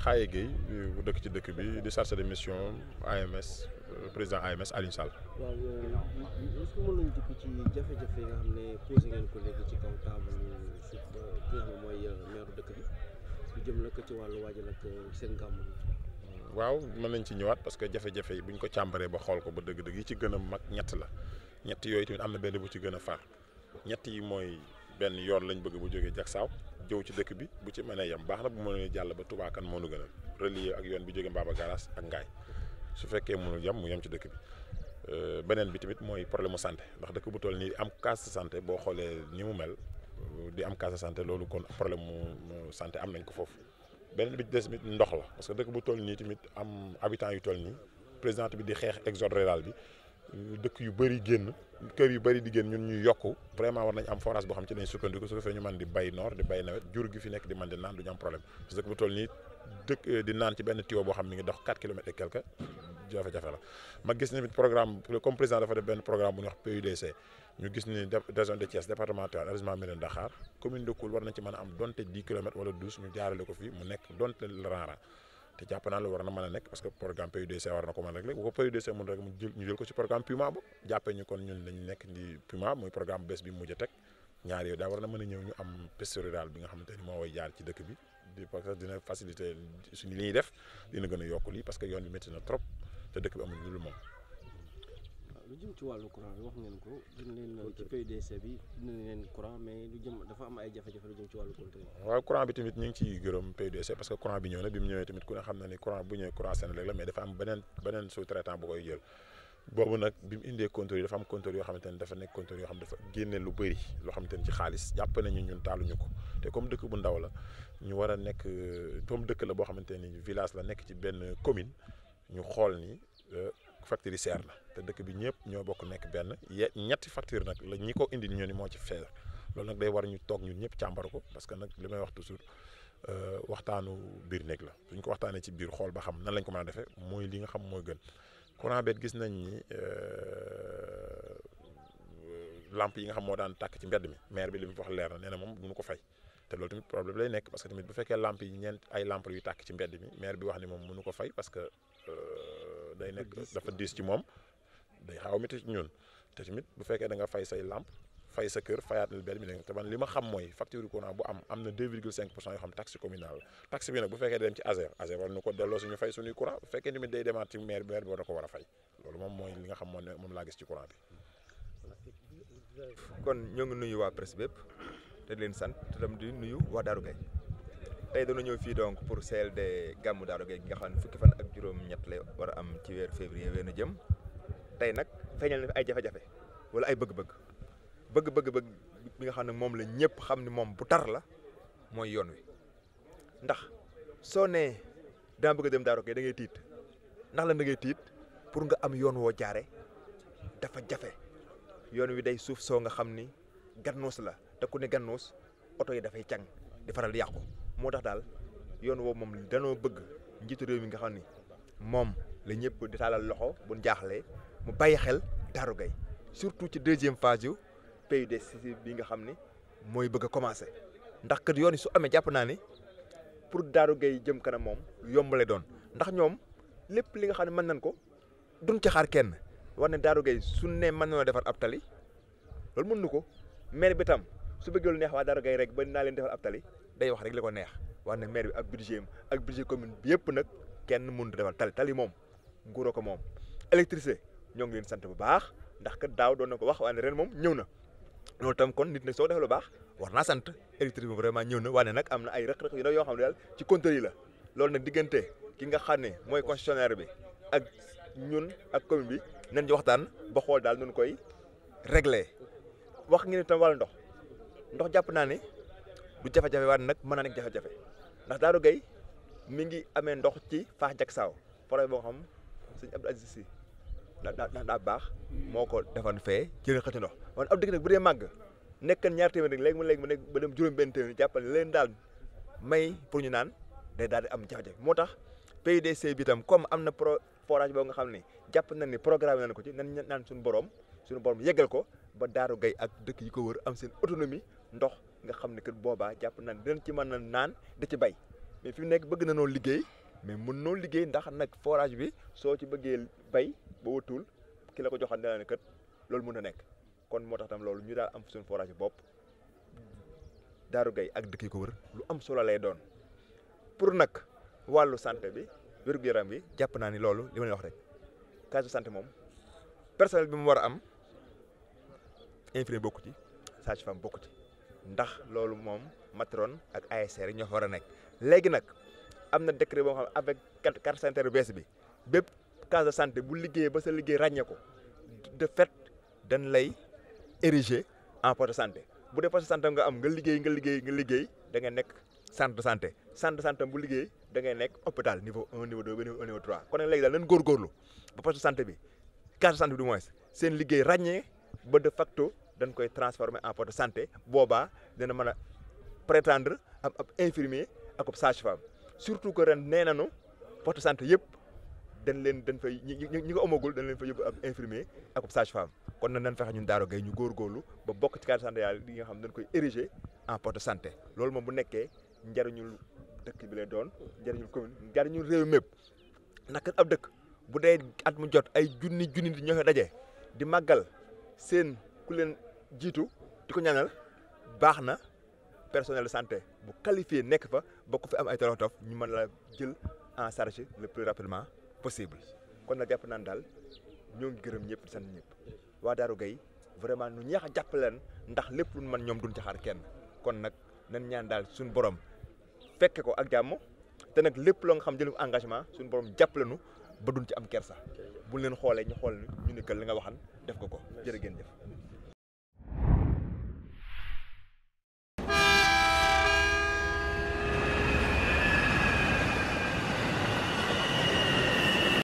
Xaaye Guèye bu dëkk ci dëkk bi di chargé de mission AMS président AMS Alioune Sall. waaw euh, est-ce mën xam ne posé ngeen ko léegi ci kaw table suuf euh, dëkk bi lu jëm nag ci wàllu waajal ak euh, seen gàmm. waaw mën nañ ci ñëwaat parce que jafe-jafe yi buñ ko càmbaree ba xool ko ba dëgg-dëgg yi ci gën a mag ñett la ñett yooyu tamit am na benn bu ci gën a far ñett yi mooy benn yoon lañ bëgg bu jógee Jaksaaw jëw ci dëkk bi bu ci mënee yem baax na bu mënee jàll ba tubaakan Kane moo nu gënal relier ak yoon bi jóge Mbaba Garas ak Ngaay su fekkee mënul yem mu yem ci dëkk bi euh, beneen bi tamit mooy problème mu santé ndax dëkk bu toll nii am case de santé boo xoolee ni mu mel euh, di am case de santé loolu kon problème mu santé am nañ ko foofu beneen bi ci des tamit ndox la parce que dëkk bu toll nii tamit am habitants yu toll nii président bi di xeex exode rural bi dëkk yu bëri génn kër yu bëri di génn ñun ñu yokk vraiment war nañ am forage boo xam ci nañ sukkandiku su ko ñu mën di bay noor di bay nawet jur gi fi nekk di mën di naan du ñu am problème parce que bu toll nii dëkk euh, di naan ci benn tuyau boo xam mi ngi dox 4 kilomètres et quelque jafe-jafe la ma gis ni programme comme président dafa def benn programme bu ñuy wax PUDC ñu gis ni région de Thiès département Tivaouane arrondissement Mérina Dakhar commune de Koul war nañ ci mën a am donte 10 kilomètres wala 12 ñu jaarale ko fii mu nekk donte Rara te jàpp naa lu war na mën a nekk parce que programme PUDC war na ko mën a régler bu ko PUDC mën rek ñu jël ko ci programme Puma ba jàppee ñu kon ñun nekk di Puma muy programme bees bi mujj a teg ñaar yooyu daa war na mën a ñëw ñu am piste rurale bi nga xamante ni moo way jaar ci dëkk bi di parce que dina faciliter suñu li ñuy def dina gën a yokk lii parce que yoon bi métti na trop te dëkk bi amul lu moom lu jëm ci wàllu courant am ay jafe-jafe lu jëm ci wàllu compte waaw courant bi tamit ñu ngi ciy gërëm PUDC parce que courant bi ñëw na bi mu ñëwee tamit ku ne xam na ni courant bu ñëwee courant Senelec la mais dafa am beneen beneen sous bu koy jël boobu nag bi mu indee compteur yi dafa am compteur yoo xamante ne dafa nekk compteur yoo xam dafa génne lu bëri loo xamante ne ci xaalis jàpp nañu ñun taaluñu ko te comme dëkk bu ndaw la ñu war a nekk comme dëkk la boo xamante ni village la nekk ci benn commune ñu xool ni euh, facture yi na te dëkk bi ñëpp ñoo bokk nekk benn ñetti facture nag la ñi ko indi ñoo ni moo ci feer loolu nag day war ñu toog ñu ñëpp càmbar ko parce que nag li may wax toujours euh, waxtaanu biir néeg la suñ ko waxtaanee ci biir xool ba xam nan lañ ko mën a defee mooy li nga xam moo gën courant bet gis nañ ni euh, euh, lamp yi nga xam moo daan tàkk ci mbedd mi maire bi li mu wax leer na nee na moom mënu ko fay te loolu tamit problème lay nekk parce que tamit bu fekkee lamp yi ñeent ay lamp yu tàkk ci mbedd mi maire bi wax ni moom mënu ko fay parce que day nekk dafa diis ci moom day xaw mi ci ñun te tamit bu fekkee da nga fay say làmp fay sa kër fayaat na benn mi te man li ma xam mooy facture courant bu am am na 2,5 pour cent yoo xam taxe communale la taxe bi nag bu fekkee da dem ci ASER ASER war na ko delloo suñu fay suñuy courant bu fekkee tamit day demaat ci maire bi maire bi ko war a fay loolu moom mooy li nga xam moo ne moom laa gis ci courant bi. kon ñoo ngi nuyu waa presse bépp te leen sant te tam di nuyu waa Darou Gueye tey dana ñëw fii donc pour CLD gàmmu Darou Gueye nga xam ne fukki fan juróom-ñett lay war a am ci weeru février weena jëm. tey nag feeñal na fi ay jafe-jafe wala ay bëgg-bëgg bëgg-bëgg-bëgg bi nga xam ne moom lañ ñëpp xam ne moom bu tar la mooy yoon wi ndax soo nee dama bëgg dem Daaru Kay da tiit ndax la da tiit pour nga am yoon woo jaare dafa jafe yoon wi day suuf soo nga xam ni gannuus la te ne gannuus oto yi dafay càng di faral di moo tax daal yoon woowu moom danoo bëgg njiitu mi nga xam ni moom la ñëpp di taalal loxo bu jaaxlee mu bàyyi xel Darou Gaye surtout ci deuxième phase yu si PUDC bi nga xam ne mooy bëgg a ndax kat yoon su amee jàpp naa ni pour Darou Gaye jëm kanam moom lee doon ndax ñoom lépp li nga xam ne mën nañ ko duñ ci xaar kenn war ne Darou Gaye su ne mën nañoo defar ab tali loolu mun nu ko maire bi tam su bëggee lu neex waa Darou Gaye rek ba naa leen defar ab tali day wax rek li ko neex war ne maire bi ak budget ak budget commune bi yëpp nag kenn mënut defar tali tali moom nguuroo ko moom électricité ñoo ngi sant bu baax ndax daaw doon na ko wax waaye ren moom ñëw na loolu tam kon nit na soo defee lu baax war na sant électrique bi vraiment ñëw na waane nag am na ay rëq-rëq yu ndaw yoo xam ne daal ci compteur yi la loolu nag diggante ki nga xam ne mooy concessionnaire bi ak ñun ak commune bi nañ ci waxtaan ba xool daal nun koy régler wax ngeen itam wàllu ndox ndox jàpp naa ne du jafe-jafe waaye nag mën naa nekk jafe-jafe ndax Darou Gueye mi ngi amee ndox ci Fass Diacksao problème boo xam sëñ Abdou daa daa baax moo ko defan fee jëlee xëti ndox man ab dëkk nag bu dee màgg nekkan ñaar téeméer rek léegi mu léegi mu nekk ba dem juróom benn leen daal may pour ñu naan day daal di am jafe moo tax PUDC bi tam comme am na pro forage boobu nga xam ne jàpp nañ ni programme nañ ko ci nan naan suñu borom suñu borom yeggal ko ba Daaru Gay ak dëkk yi ko wër am seen autonomie ndox nga xam ne kër boobaa jàpp nañ dinañ ci mën a naan da ci bay mais fi mu nekk bëgg na noo liggéey mais mun noo liggéey ndax nag forage bi soo ci bëggee bay boobu wëttuwul ki la ko joxoon dana ne kat loolu mun a nekk kon moo tax tam loolu ñu daal am suñu forage bopp Darou Gaye ak dëkk ko wër lu am solo lay doon pour nag wàllu santé bi wér-gu-yaram bi jàpp naa ni loolu li ma leen wax rek case de moom personnel bi mu war a am infirmier bokkuti ci sage bokkuti ndax loolu moom matron ak ASR yi ñoo fa war a nekk léegi nag am na décret boo xam ne avec carte sanitaire bees bi bépp case de santé bu liggéey ba sa liggéey ràññee ko de fait dañ lay ériger en poste de santé bu dee poste de santé nga am nga liggéey nga liggéey nga liggéey da nga nekk centre de santé centre santé bu liggéey da ngay nekk hôpital niveau un niveau deux ba niveau un niveau trois kon nag léegi daal nañ góorgóorlu ba poste santé bi case de santé bi du moins seen liggéey ràññee ba de facto dañ koy transformer en poste de santé boobaa dana mën a prétendre am ab infirmier ak ab sage-femme surtout que ren nee nañu poste de santé yëpp. dañ leen dañ fay ñi ñi nga amagul dañ leen fa yóbbu ab infirmier ak ab sage femme kon na nan fexe ñun Daaro Gaye ñu góorgóorlu ba bokk ci carte santé yàlla yi nga xam dañ koy ériger en poste de santé loolu moom bu nekkee njariñul dëkk bi la doon njariñul commune njariñul réew mépp naka ab dëkk bu dee at mu jot ay junni junni di ñoo fa daje di màggal seen ku leen jiitu di ko ñaanal baax na personnel de santé bu qualifié nekk fa ba ku fi am ay tolof ñu mën la jël en charge le plus possible kon nag jàpp naan daal ñoo ngi gërëm ñëpp san sant waa Daaru Gaye vraiment nu ñeex a leen ndax lépp lu man ñoom duñ ci xaar kenn kon nag nan ñaan daal suñu borom fekke ko ak jàmm te nag lépp loo nga xam jëlu engagement suñu borom jàppalenu ba duñ ci am kersa bu leen xoolee ñu xool ñu ne que li nga waxan def ko ko jërë ngeen jëf